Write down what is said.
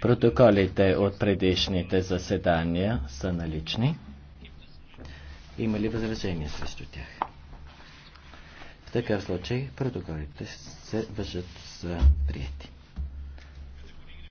Протоколите от предишните заседания са налични. Има ли възражения срещу тях? В такъв случай протоколите се въжат за приятели.